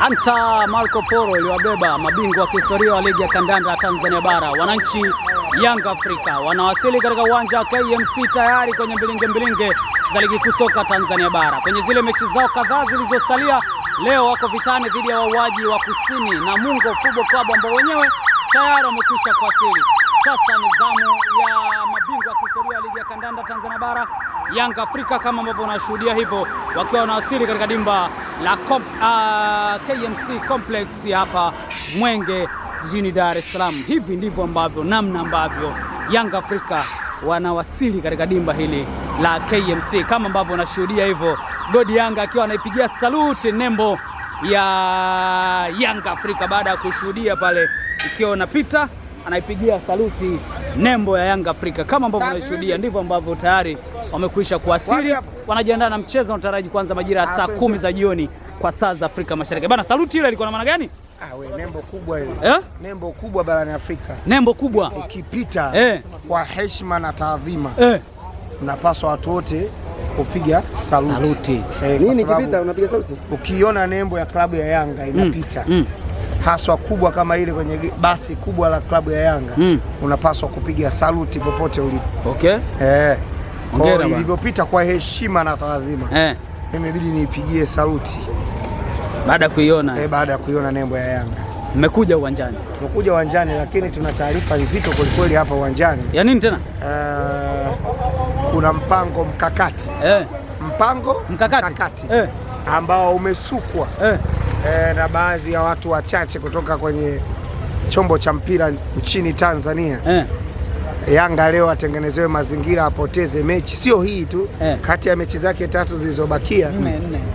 Anta Marco Polo iliwabeba mabingwa wa kihistoria wa ligi ya kandanda ya Tanzania bara wananchi Yanga Afrika wanawasili katika uwanja wa KMC tayari kwenye mbilinge mbilinge za ligi kuu soka Tanzania bara. Kwenye zile mechi zao kadhaa zilizosalia, leo wako vitani dhidi ya wauaji wa kusini na Mungo Football Club ambao wenyewe tayari wamekwisha kuwasili. Sasa ni zamu ya mabingwa wa kihistoria ya ligi ya kandanda Tanzania bara Yanga Afrika, kama ambavyo unashuhudia hivyo, wakiwa wanawasili katika dimba la kom, uh, ah, KMC Complex hapa Mwenge jijini Dar es Salaam. Hivi ndivyo ambavyo namna ambavyo Yanga Afrika wanawasili katika dimba hili la KMC kama ambavyo unashuhudia hivyo, Godi Yanga akiwa anaipigia saluti nembo ya Yanga Afrika baada ya kushuhudia pale ikiwa unapita anaipigia saluti nembo ya Yanga Afrika kama ambavyo unashuhudia, ndivyo ambavyo tayari wamekwisha kuwasili wanajiandaa na mchezo wanataraji kuanza majira ya ah, saa kumi za jioni kwa saa za Afrika Mashariki. Bana, saluti ile ilikuwa na maana gani? Ah, we, nembo kubwa ile. Eh? Nembo kubwa barani Afrika, nembo kubwa ikipita eh, kwa heshima na taadhima eh, mnapaswa watu wote kupiga saluti, saluti. Eh, nini ikipita unapiga saluti? Ukiona nembo ya klabu ya Yanga mm, inapita mm. Mm haswa kubwa kama ile kwenye basi kubwa la klabu ya Yanga mm. unapaswa kupiga saluti popote ulipo. Okay. Eh ilivyopita kwa heshima na taadhima eh. Mimi bidi niipigie saluti baada ya kuiona eh, baada ya kuiona nembo ya Yanga. Mmekuja uwanjani? Tumekuja uwanjani, lakini tuna taarifa nzito kwelikweli hapa uwanjani. Ya nini tena? Uh, kuna mpango mkakati eh. Mpango mkakati, mkakati. Eh. ambao umesukwa eh. Eh, na baadhi ya watu wachache kutoka kwenye chombo cha mpira nchini Tanzania eh. Yanga leo atengenezewe mazingira apoteze mechi, sio hii tu eh. Kati ya mechi zake tatu zilizobakia mm.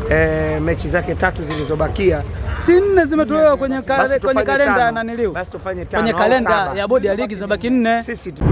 eh, mechi zake tatu zilizobakia si nne zimetolewa kwenye kalenda na niliu, basi tufanye tano kwenye kalenda ya bodi ya ligi zimebaki nne sisi tu.